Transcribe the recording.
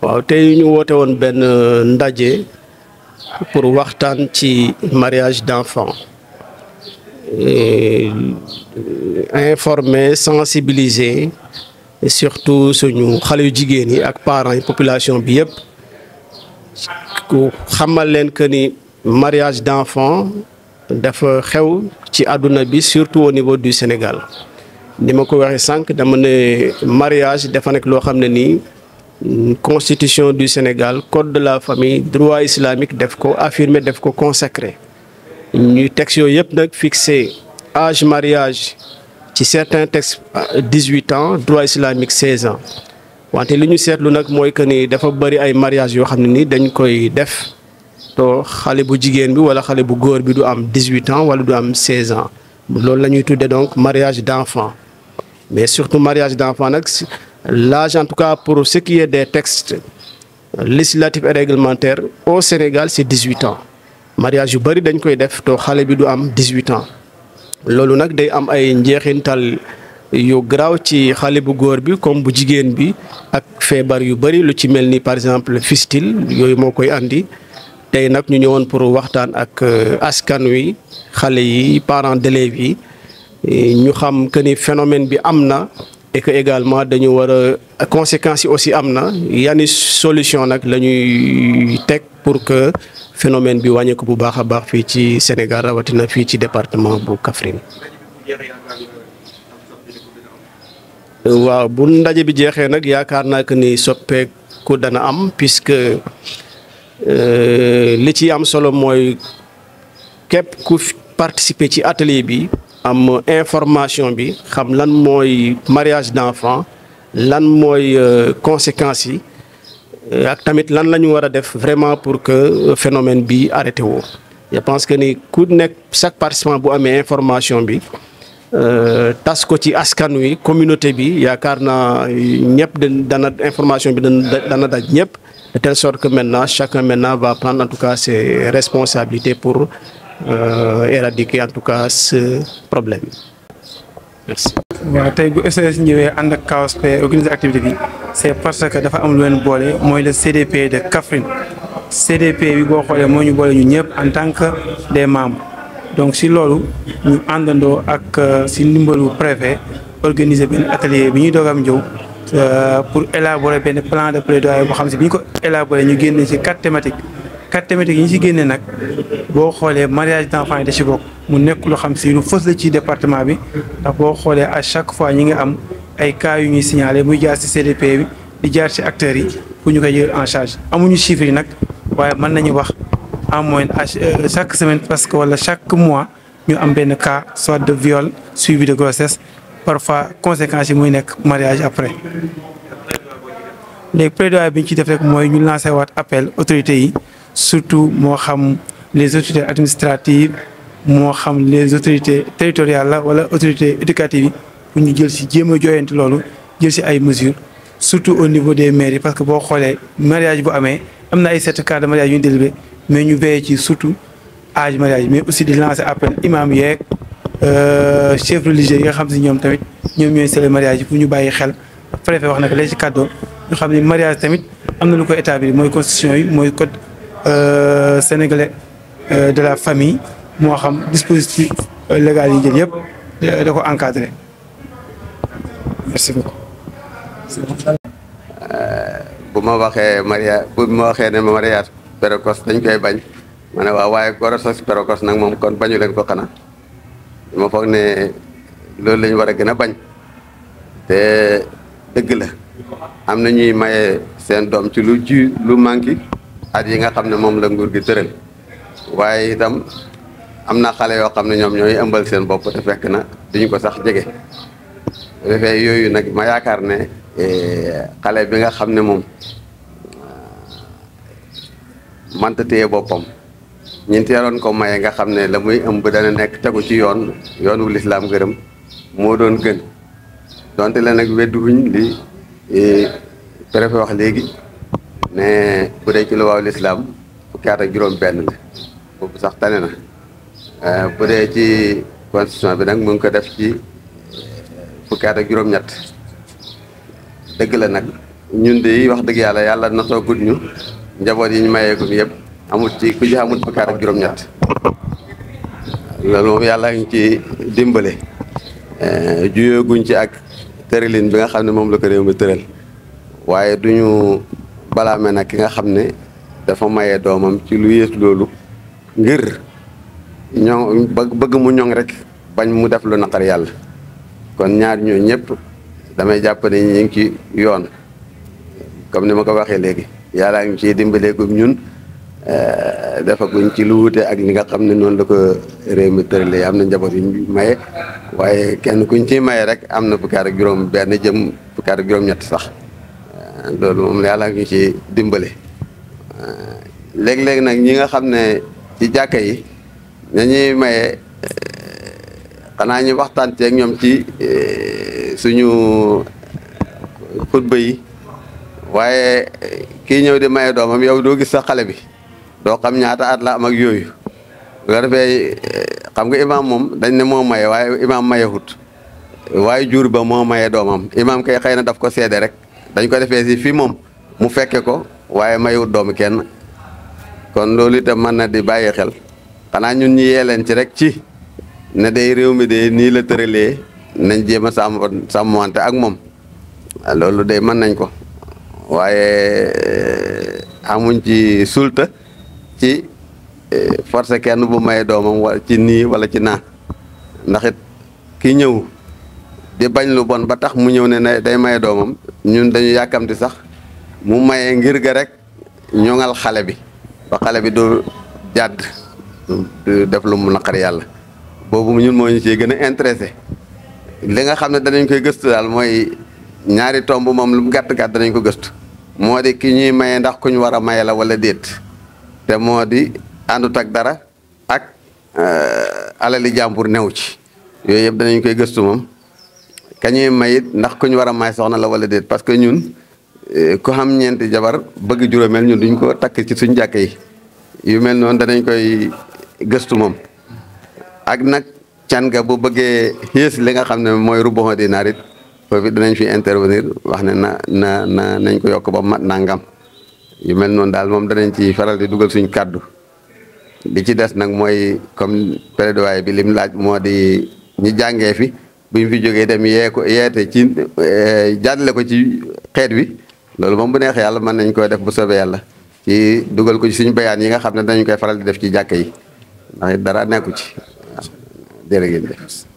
waaw tey ñu woote woon benn euh, ndaje pour waxtaan ci mariage d'enfants euh, informer sensibiliser surtout suñu xale yu jigéen yi ak parents yi population bi yëpp ku xamal leen que ni mariage d'enfants dafa xew ci àdduna bi surtout au niveau du Sénégal ni ma ko waxee sànq dama ne mariage dafa nekk loo xam ne euh, constitution du Sénégal, code de la famille, droit islamique, DEFCO, affirmé, DEFCO, consacré. Nous avons fixé âge mariage, certains textes 18 euh, ans, droit islamique 16 ans. Wante li ñu sétlu nak moy que ni dafa bari ay mariage yo xamni ni dañ koy def to xalé bu jigen bi wala xalé bu goor bi du am 18 ans wala du am 16 ans lool lañuy tuddé donc mariage d'enfant mais surtout mariage d'enfant nak l'âge en tout cas pour ce qui est des textes législatifs et réglementaires au Sénégal c'est 18 ans mariage yu bari dañ koy def to xalé bi du am 18 ans loolu nak day am ay njeexintal yu garaaw ci xalé bu góor bi comme bu jigen bi ak febar yu bari lu ci melni par exemple fistule yoy mo koy andi tey nak ñu ñëwoon pour waxtaan ak euh, askan wi xalé yi parents d'élèves yi ñu xam que ni phénomène bi amna. et que également dañu war a conséquences yi aussi am na yani solution nag la ñuy teg pour que phénomène bi wàññeeku bu baax a baax fii ci Sénégal rawatina fii ci département bu kafrin waaw bu ndaje bi jeexee nag yaakaar naa que ni soppeeku dana am puisque euh, li ci am solo mooy képp ku participer ci atelier bi. am information bi xam lan moy mariage d'enfant lan moy euh, conséquences euh, ak tamit lan la wara def vraiment pour que euh, phénomène bi arrêté wo je pense que ni ku chaque participant bu amé information bi tas ko ci askan communauté bi yaakaar naa de dana information bi dana daj ñep de telle sorte que maintenant chacun maintenant va prendre en tout cas ses responsabilités pour euh, éradiquer en tout cas ce eh, problème. Merci. waaw tay bu SOS ñëwé and ak chaos pé organiser activité bi c'est parce que dafa am lu leen boole mooy le CDP de Kaffrine CDP bi bo xolé mo ñu bolé ñu ñëpp en tant que des membres donc si lolu ñu andando ak eh, si ndimbalu préfet organiser ben atelier bi ñu dogam ñëw eh, pour élaborer ben plan de plaidoyer bo xam ci biñ ko élaborer ñu génné ci quatre thématiques quatre thématiques yi ñu si génnee nag boo xoolee mariage d'enfants yi da ci bokk mu nekk loo xam si lu fës la ci département bi ndax boo xoolee à chaque fois ñi nga am ay cas yu ñuy signalé muy jaar ci CDP bi di jaar acteurs yi pour ñu koy en charge amuñu chiffres yi nag waaye mën nañu wax en moyenne euh, chaque semaine parce que wala chaque mois ñu am benn cas soit de viol suivi de grossesse parfois conséquences yi muy nekk mariage après. léegi plaidoyer bi ñu ci def rek mooy ñu lancer waat appel autorités yi surtout moo xam les autorités administratives moi xam les autorités territoriales voilà wala autorités éducatives pour ñu jël si jéem a jooyante loolu jël si ay mesures surtout au niveau des mairies parce que boo xoolee mariage bu amee am na ay cas de mariage une ñu délivré mais ñu veillé ci surtout âge mariage mais aussi de lancer appel imam euh, chef religieux yi nga xam si nous tamit ñoom ñooy sele mariage pour ñu bàyyi xel préfet wax nag léegi ci kàddoom ñu xam ne mariage tamit amener na lu ko établir mooy constitution yi code euh, sénégalais. Euh, de la famille mo xam dispositif euh, légal yi jël yépp euh, da ko encadré merci beaucoup bu ma waxee maria bu ma waxee ne ma mariage dañ koy bañ ma ne waaw waaye grossesse précoce nag moom kon bañu leen ko xana ma foog ne loolu lañ war a gën a bañ te dëgg la am na ñuy maye seen doom ci lu ji lu manqué at yi nga xam ne moom la nguur gi tëral waaye itam am na xale yoo xam ne ñoom ñooy ëmbal seen bopp te fekk na duñu ko sax jege defee yooyu nag ma yaakaar ne eh, xale bi nga xam ne moom ah, manta téye boppam ñun teeroon ko maye nga xam ne la muy ëmb dana nekk tegu ci yoon yoon wu lislaam gërëm moo doon gën donte la nag wedduwuñ li eh, préfet wax léegi ne bu dee ci lu lislaam fukki juróom-benn la boobu sax tane na euh, bu dee ci constitution bi nag mu ngi ko def ci euh, fukki at juróom-ñett dëgg la nag ñun de wax dëgg yàlla yàlla natoo gudd ñu njaboot yi ñu mayeegum yëpp amul ci ku ci amul fukki juróom-ñett loolu moom yàlla ngi ci dimbale euh, juyooguñ ci ak tëralin bi nga xam ne moom la ko réew mi tëral waaye duñu balaame nag ki nga xam ne dafa maye domam ci lu yes loolu ngir ñong bëgg mu ñong rek bañ mu def lu naqar yalla kon ñaar ñoo ñepp damay japp ne ñi ngi ci yoon comme ni mako waxe legi yalla ngi ci ciy ko ñun eh, guñ ci lu wuté ak ni nga xamni ne la ko réew mi amna njabot yi maye waye kenn kuñ ci maye rek am na fukkaar ak juróom benn jëm fukkaar ak juroom ñett sax eh, loolu mom yalla ngi ci dimbale léeg-léeg nag ñi nga xam ne ci jàkka yi dañuy maye eh, xanaa ñu waxtaan ceeg ñoom ci eh, suñu eh, xutba yi waaye kii ñëw de maye doomam yow doo gis sa xale bi doo xam ñaata at la am yooyu bu ko xam nga imaam moom dañ ne moo maye waaye imaam mayewut waaye jur ba moo mayee doomam imaam kay xëy na daf ko seede rek dañ ko defee si fii moom mu fekke ko waaye mayut doom kenn kon loolu itam mën na di bàyyi xel xanaa ñun ñi yee leen ci rek ci ne day réew mi de nii la tëralee nañ jéem a sàmm sàmmante ak moom loolu day mën nañ ko waaye eh, amuñ ci sulta ci eh, forcé kenn bu may doomam wala ci nii walla ci naa ndaxit it ki ñëw di bañ lu bon ba tax mu ñëw ne day may doomam ñun dañu yàkkamti sax mu maye ngir ga rek ñoŋal xale bi ba xale bi doo jàdd du def lu mu naqar yàlla boobu ñun moo ñu ciy gën a intéressé li nga xam ne danañ koy gëstu daal mooy ñaari tomb moom lu mu gàtt gàtt danañ ko gëstu moo di ki ñuy maye ndax ku ñu war a maye la wala déet te moo di àndut ak dara ak euh, alali jàmbur new ci yooyu yëpp danañ koy gëstu moom ka ñuy mayit ndax ku ñu war a may soxna la wala déet parce que ñun Eh, ku xam ñeenti jabar bëgg juróomeel ñun duñ ko takk ci suñ jàkk yi yu mel noonu danañ koy gëstu moom ak nag can ga bu bëggee xiis li nga xam ne mooy ruboxo di naarit foofu danañ fi intervenir wax ne na na na nañ ko yokk ba mat nangam yu mel noonu daal moom danañ ci faral di dugal suñ kàddu di ci des nag mooy comme plaidoyer bi lim laaj moo di ñi jàngee fi buñ fi jógee dem yee ko yeete ci eh, jàddale ko ci xeet wi loolu moom bu neexee yàlla mën nañ koy def bu soobee yàlla ci dugal ko ci suñu bayaan yi nga xam ne dañu koy faral di def ci jàkk yi ndax dara nekku ci waaw